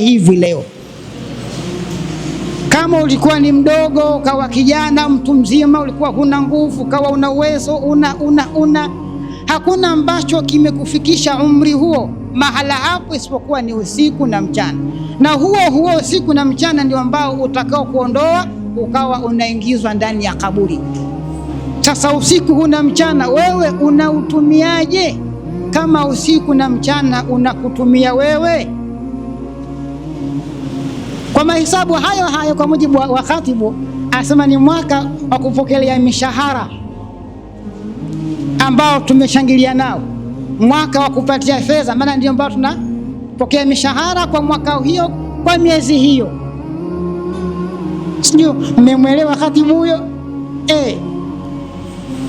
hivi leo. Kama ulikuwa ni mdogo, ukawa kijana, mtu mzima, ulikuwa huna nguvu, ukawa una uwezo, una una una, hakuna ambacho kimekufikisha umri huo mahala hapo isipokuwa ni usiku na mchana, na huo huo usiku na mchana ndio ambao utakao kuondoa ukawa unaingizwa ndani ya kaburi. Sasa usiku huna mchana, wewe unautumiaje? kama usiku na mchana unakutumia wewe. Kwa mahesabu hayo hayo, kwa mujibu wa khatibu, asema ni mwaka wa kupokelea mishahara ambao tumeshangilia nao, mwaka wa kupatia fedha, maana ndio ambao tunapokea mishahara kwa mwaka hiyo, kwa miezi hiyo. Sio mmemwelewa khatibu huyo? E,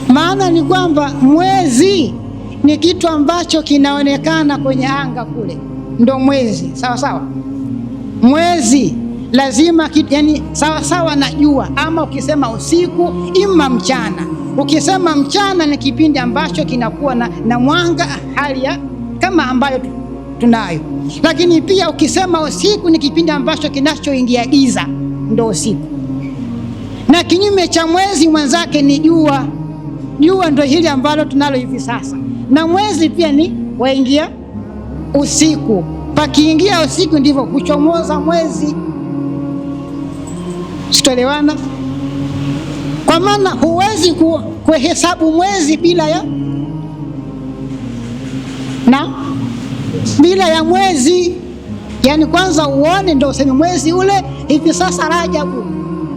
maana ni kwamba mwezi ni kitu ambacho kinaonekana kwenye anga kule, ndo mwezi. Sawa sawa, mwezi lazima kitu, yani sawa sawa na jua, ama ukisema usiku, ima mchana. Ukisema mchana ni kipindi ambacho kinakuwa na, na mwanga, hali ya kama ambayo tunayo, lakini pia ukisema usiku ni kipindi ambacho kinachoingia giza, ndo usiku. Na kinyume cha mwezi mwenzake ni jua. Jua ndo hili ambalo tunalo hivi sasa na mwezi pia ni waingia usiku, pakiingia usiku ndivyo kuchomoza mwezi. Sitoelewana? Kwa maana huwezi kuhesabu mwezi bila ya na bila ya mwezi, yaani kwanza uone ndio useme mwezi ule hivi sasa Rajabu,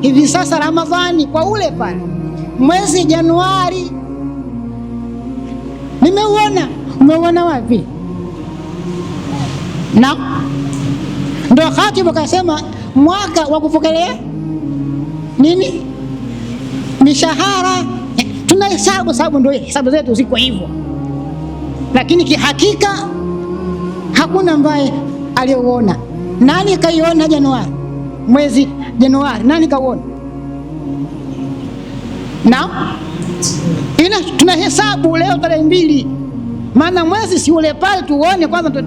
hivi sasa Ramadhani, kwa ule pale mwezi Januari Nimeuona. Umeuona wapi? Na ndo khatibu kasema mwaka wa kupokelea nini mishahara, tuna hesabu sababu, ndio hesabu zetu ziko hivyo, lakini kihakika hakuna ambaye aliyouona. Nani kaiona Januari, mwezi Januari nani kauona? Naam ina tunahesabu leo tarehe mbili, maana mwezi si ule pale, tuone kwanza,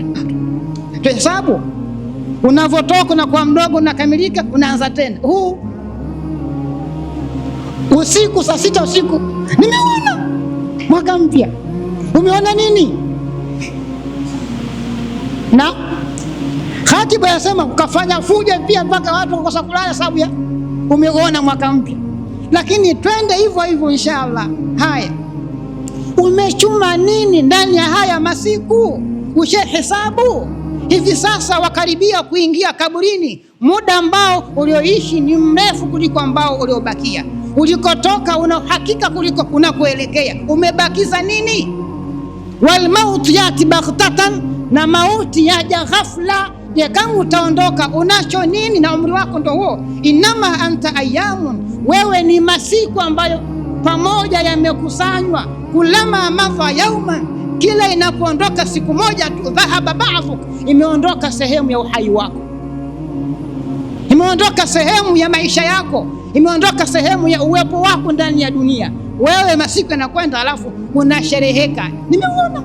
tuhesabu unavyotoka na kwa mdogo unakamilika, unaanza tena huu usiku saa sita usiku. Nimeona mwaka mpya, umeona nini? Na katiba yasema ukafanya fuja pia mpaka watu wakosa kulala sababu ya umeona mwaka mpya lakini twende hivyo hivyo inshallah. Haya, umechuma nini ndani ya haya masiku? ushe hesabu hivi sasa, wakaribia kuingia kaburini. Muda ambao ulioishi ni mrefu kuliko ambao uliobakia. Ulikotoka una uhakika kuliko unakoelekea. Umebakiza nini? Walmautu yati baghtatan, na mauti yaja ghafla ya kama utaondoka unacho nini na umri wako ndo huo. Inama anta ayamun, wewe ni masiku ambayo pamoja yamekusanywa. Kulama madha yauma kila inapoondoka siku moja tu, dhahaba badhu imeondoka sehemu ya uhai wako, imeondoka sehemu ya maisha yako, imeondoka sehemu ya uwepo wako ndani ya dunia. Wewe masiku yanakwenda, alafu unashereheka, nimeona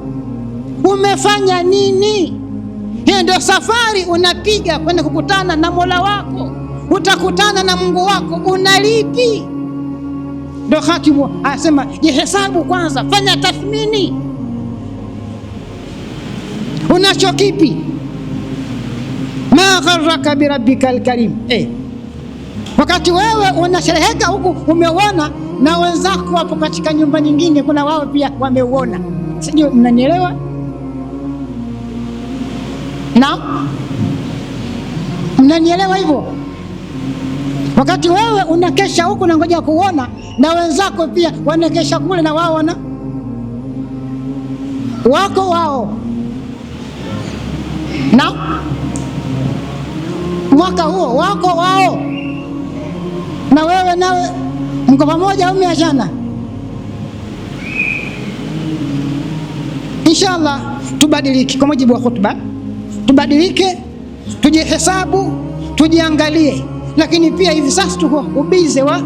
umefanya nini? Hiyo ndio safari unapiga kwenda kukutana na Mola wako, utakutana na Mungu wako. Unalipi? Ndio hakimu asema, jihesabu kwanza, fanya tathmini, unacho kipi? ma gharraka birabbika alkarim. Eh, wakati wewe unashereheka huku umeuona na wenzako wapo katika nyumba nyingine, kuna wao pia wameuona, sijui mnanielewa? na mnanielewa hivyo. Wakati wewe unakesha huku na ngoja kuona, na wenzako pia wanakesha kule na wao wana wako wao. Na mwaka huo wako wao, na wewe nawe mko pamoja au mmeachana? Inshallah tubadiliki kwa mujibu wa khutba tubadilike, tujihesabu, tujiangalie. Lakini pia hivi sasa tuko ubize wa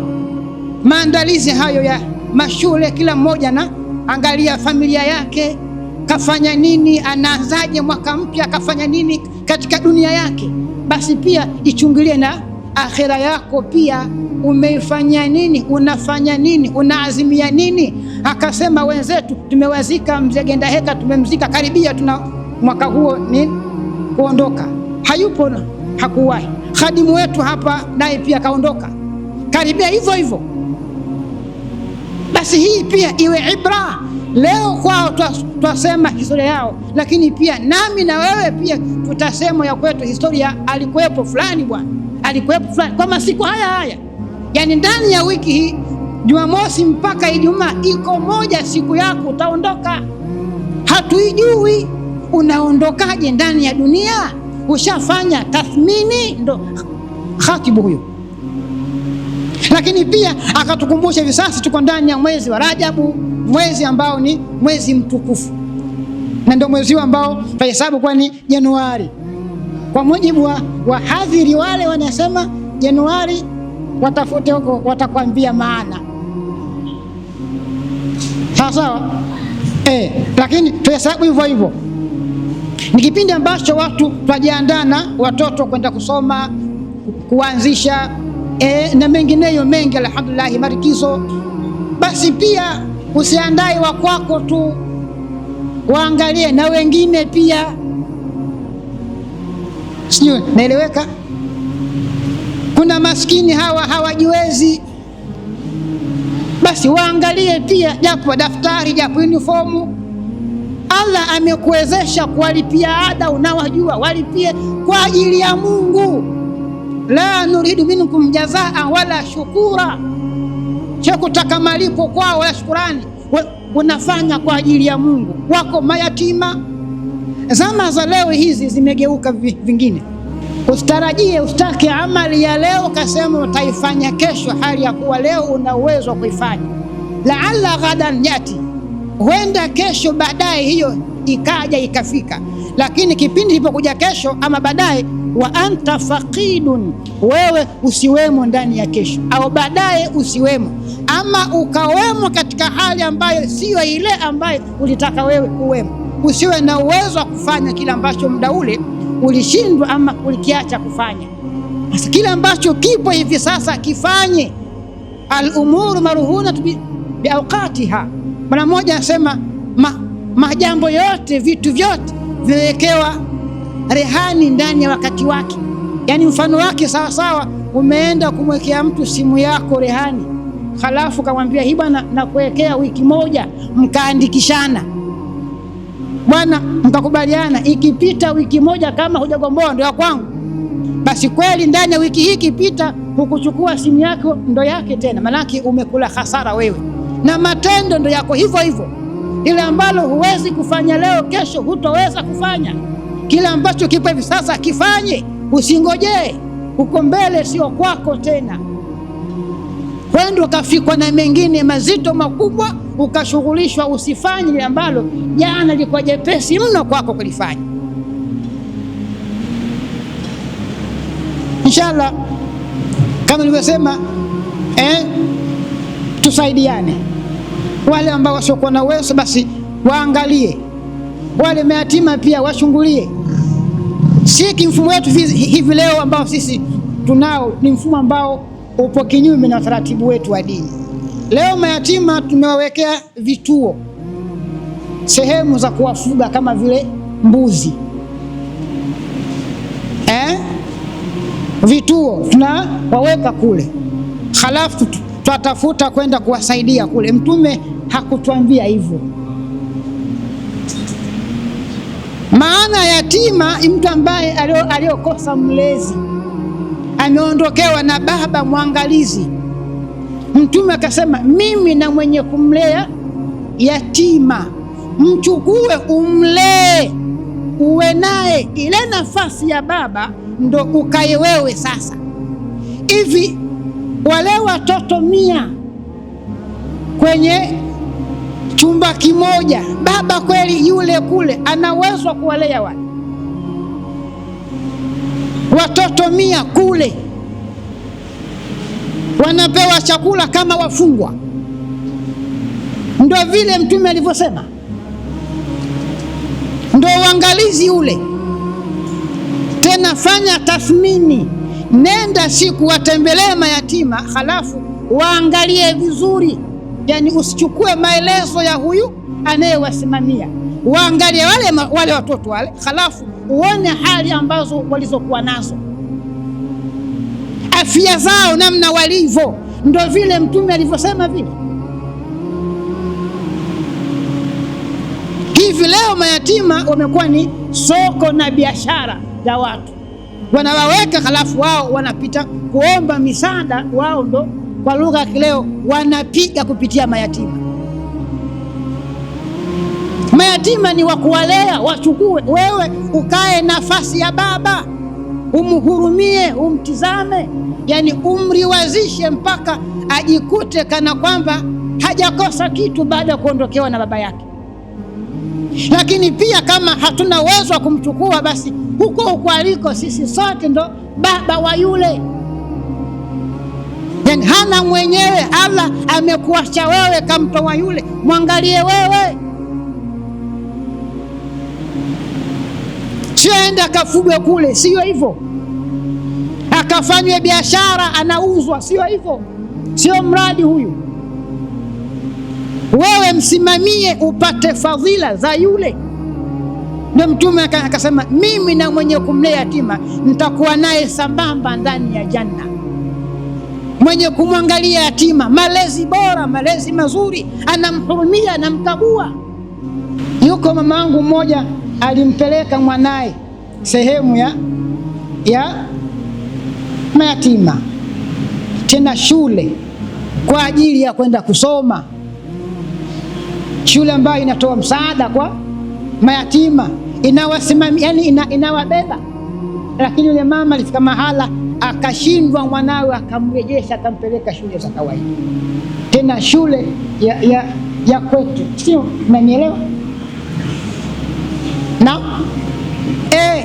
maandalizi hayo ya mashule, kila mmoja na angalia familia yake kafanya nini, anaanzaje mwaka mpya, kafanya nini katika dunia yake. Basi pia ichungilie na akhira yako pia, umeifanyia nini, unafanya nini, unaazimia nini? Akasema wenzetu, tumewazika mzee Genda Heka, tumemzika karibia, tuna mwaka huo nini kuondoka, hayupo na hakuwahi. Khadimu wetu hapa naye pia kaondoka, karibia hivyo hivyo. Basi hii pia iwe ibra leo kwao, twasema historia yao, lakini pia nami na wewe pia tutasema ya kwetu historia. Alikuwepo fulani bwana, alikuwepo fulani, kwa masiku haya haya, yani ndani ya wiki hii Jumamosi mpaka Ijumaa iko moja siku yako utaondoka, hatuijui unaondokaje ndani ya dunia? Ushafanya tathmini? Ndo khatibu huyo. Lakini pia akatukumbusha hivi sasa tuko ndani ya mwezi wa Rajabu, mwezi ambao ni mwezi mtukufu na ndio mwezi ambao tahesabu kuwa ni Januari kwa mujibu wa wahadhiri wale wanasema Januari, watafute huko, watakwambia maana sawa sawa, eh, lakini tuhesabu hivyo hivyo. Ni kipindi ambacho watu twajiandana, watoto kwenda kusoma, kuanzisha e, na mengineyo mengi, alhamdulillah, marikizo. Basi pia usiandae wa kwako tu, waangalie na wengine pia. Sijui naeleweka. Kuna maskini hawa hawajiwezi, basi waangalie pia, japo daftari, japo uniformu Allah amekuwezesha kuwalipia ada, unawajua walipie kwa ajili ya Mungu. La nuridu minkum jazaa wala shukura, cha kutaka malipo kwao wala shukurani. Unafanya kwa ajili ya Mungu, wako mayatima. Zama za leo hizi zimegeuka vingine. Usitarajie, usitake amali ya leo kasema utaifanya kesho, hali ya kuwa leo una uwezo wa kuifanya. Laala ghadan yati huenda kesho baadaye hiyo ikaja ikafika, lakini kipindi ilipokuja kesho ama baadaye, wa anta faqidun, wewe usiwemo ndani ya kesho au baadaye usiwemo, ama ukawemo katika hali ambayo siyo ile ambayo ulitaka wewe uwemo, usiwe na uwezo wa kufanya kile ambacho muda ule ulishindwa ama ulikiacha kufanya. Sasa kile ambacho kipo hivi sasa kifanye. Al umuru marhunatu biauqatiha Bwana mmoja anasema ma, majambo yote vitu vyote vimewekewa rehani ndani ya wakati wake, yaani mfano wake sawasawa. Umeenda kumwekea mtu simu yako rehani, halafu kamwambia hii bwana, nakuwekea wiki moja, mkaandikishana bwana, mkakubaliana, ikipita wiki moja kama hujagomboa ndio ya kwangu. Basi kweli ndani ya wiki hii ikipita, hukuchukua simu yako ndo yake tena, maanake umekula hasara wewe na matendo ndo yako hivyo hivyo. Ile ambalo huwezi kufanya leo, kesho hutoweza kufanya. Kile ambacho kipo hivi sasa kifanye, usingojee huko mbele, sio kwako tena. Wendo ukafikwa na mengine mazito makubwa, ukashughulishwa, usifanye ile ambalo jana lilikuwa jepesi mno kwako kulifanya. Inshallah, kama nilivyosema eh tusaidiane. Wale ambao wasiokuwa na uwezo basi waangalie, wale mayatima pia washungulie. Si kimfumo wetu hivi leo ambao sisi tunao, ni mfumo ambao upo kinyume na utaratibu wetu wa dini. Leo mayatima tumewawekea vituo, sehemu za kuwafuga kama vile mbuzi eh? Vituo tunawaweka kule halafu twatafuta kwenda kuwasaidia kule. Mtume hakutuambia hivyo. Maana yatima mtu ambaye aliyokosa mlezi, ameondokewa na baba mwangalizi. Mtume akasema, mimi na mwenye kumlea yatima mchukue, umlee, uwe naye ile nafasi ya baba, ndo ukae wewe sasa hivi wale watoto mia kwenye chumba kimoja, baba kweli yule kule anawezwa kuwalea wale watoto mia kule, wanapewa chakula kama wafungwa. Ndo vile Mtume alivyosema, ndo uangalizi ule. Tena fanya tathmini nenda siku watembelee mayatima, halafu waangalie vizuri, yani usichukue maelezo ya huyu anayewasimamia, waangalie wale, ma, wale watoto wale, halafu uone hali ambazo walizokuwa nazo, afya zao namna walivyo, ndo vile Mtume alivyosema vile hivi. Leo mayatima wamekuwa ni soko na biashara ya watu wanawaweka, halafu wao wanapita kuomba misaada, wao ndo kwa lugha ya kileo wanapiga kupitia mayatima. Mayatima ni wakuwalea wachukue wewe, ukae nafasi ya baba, umhurumie, umtizame, yani umriwazishe mpaka ajikute kana kwamba hajakosa kitu baada ya kuondokewa na baba yake. Lakini pia kama hatuna uwezo wa kumchukua, basi huko huko aliko, sisi sote ndo baba wa yule. Yani hana mwenyewe, Allah amekuacha wewe, kamtoa yule. Mwangalie wewe, sio aende akafugwe kule, siyo hivyo akafanywe biashara, anauzwa, sio hivyo, sio mradi huyu wewe msimamie upate fadhila za yule. Ndio Mtume akasema mimi na mwenye kumlea yatima nitakuwa naye sambamba ndani ya janna. Mwenye kumwangalia yatima, malezi bora, malezi mazuri, anamhurumia, anamkagua. Yuko mama wangu mmoja alimpeleka mwanaye sehemu ya ya mayatima, tena shule kwa ajili ya kwenda kusoma shule ambayo inatoa msaada kwa mayatima inawasimamia, yani ina, inawabeba. Lakini yule mama alifika mahala akashindwa, mwanawe akamrejesha, akampeleka shule za kawaida, tena shule ya, ya, ya kwetu, sio? Unanielewa? na e,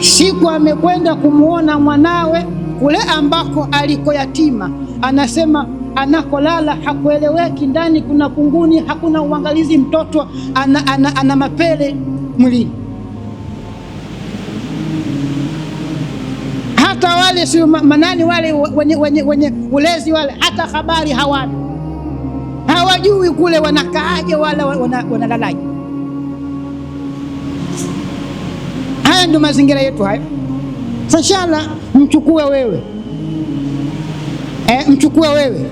siku amekwenda kumwona mwanawe kule ambako aliko yatima anasema anakolala hakueleweki, ndani kuna kunguni, hakuna uangalizi, mtoto ana, ana, ana mapele mwilini. Hata wale si manani wale wenye, wenye, wenye ulezi wale, hata habari hawana, hawajui kule wanakaaje wala wanalalaje. Haya ndio mazingira yetu haya. Sashala, mchukue wewe eh, mchukue wewe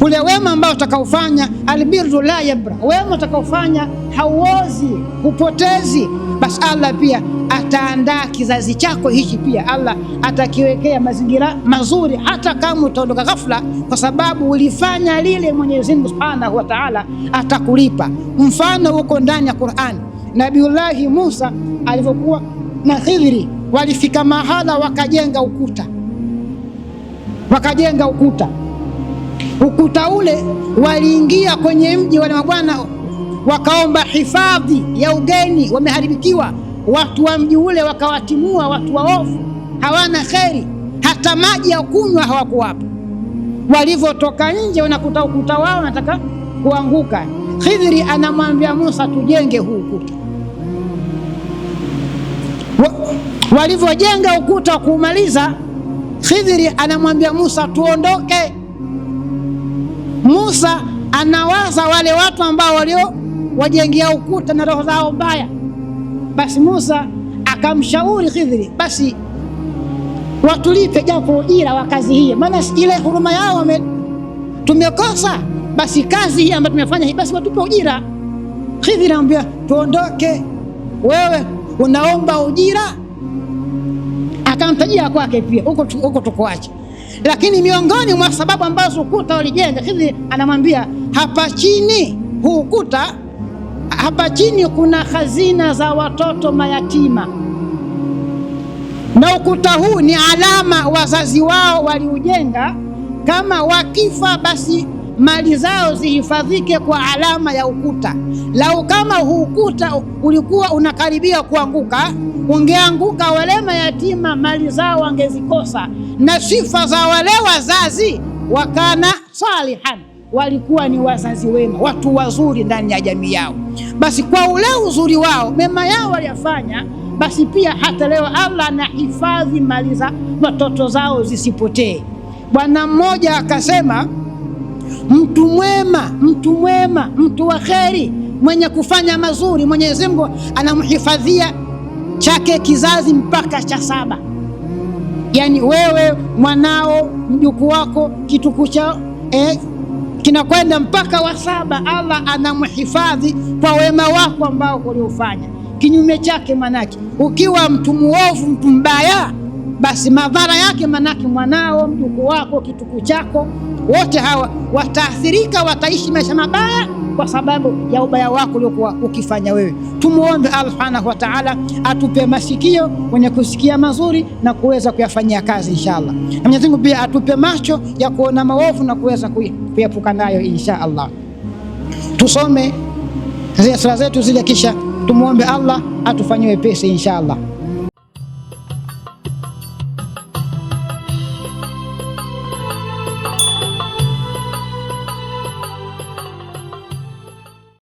ule wema ambao utakaofanya, albiru la yabra, wema utakaofanya hauozi, hupotezi. Basi Allah pia ataandaa kizazi chako hichi, pia Allah atakiwekea mazingira mazuri, hata kama utaondoka ghafla, kwa sababu ulifanya lile, Mwenyezi Mungu Subhanahu wa Ta'ala atakulipa. Mfano uko ndani ya Qur'ani, Nabiullahi Musa alivyokuwa na Khidri, walifika mahala wakajenga ukuta, wakajenga ukuta ukuta ule, waliingia kwenye mji wale mabwana, wakaomba hifadhi ya ugeni, wameharibikiwa. Watu wa mji ule wakawatimua, watu waovu, hawana kheri, hata maji ya kunywa hawakuwapa. Walivyotoka nje, wanakuta ukuta wao nataka kuanguka. Khidhiri anamwambia Musa, tujenge huu ukuta. Walivyojenga ukuta wa kuumaliza, Khidhiri anamwambia Musa, tuondoke Musa anawaza wale watu ambao walio wajengea ukuta na roho zao mbaya. Basi Musa akamshauri Khidhiri, basi watulipe japo ujira wa kazi hii, maana ile huruma yao tumekosa, basi kazi hii ambayo tumefanya hii, basi watupe ujira. Khidhiri anamwambia tuondoke, wewe unaomba ujira. Akamtajia kwake pia, huko huko tukuache lakini miongoni mwa sababu ambazo ukuta ulijenga hivi, anamwambia hapa chini huu ukuta, hapa chini kuna hazina za watoto mayatima, na ukuta huu ni alama wazazi wao waliujenga, kama wakifa basi mali zao zihifadhike kwa alama ya ukuta. Lau kama huu ukuta ulikuwa unakaribia kuanguka, ungeanguka wale mayatima, mali zao wangezikosa, na sifa za wale wazazi wakana salihan, walikuwa ni wazazi wema, watu wazuri ndani ya jamii yao. Basi kwa ule uzuri wao, mema yao waliyafanya basi pia hata leo Allah anahifadhi mali za watoto zao zisipotee. Bwana mmoja akasema mtu mwema, mtu mwema, mtu wa kheri, mwenye kufanya mazuri, Mwenyezi Mungu anamhifadhia chake kizazi mpaka cha saba. Yaani wewe mwanao, mjukuu wako, kitukuu chao eh, kinakwenda mpaka wa saba. Allah anamhifadhi kwa wema wako ambao uliofanya. Kinyume chake, manake ukiwa mtu muovu, mtu mbaya, basi madhara yake manake mwanao, mjukuu wako, kitukuu chako wote hawa wataathirika, wataishi maisha mabaya kwa sababu ya ubaya wako uliokuwa ukifanya wewe. tumwombe Allah subhanahu wa ta'ala atupe masikio wenye kusikia mazuri na kuweza kuyafanyia kazi inshallah, na Mwenyezi Mungu pia atupe macho ya kuona maovu na kuweza kuepuka nayo insha Allah. Tusome zile sala zetu zile, kisha tumwombe Allah atufanyie wepesi inshallah.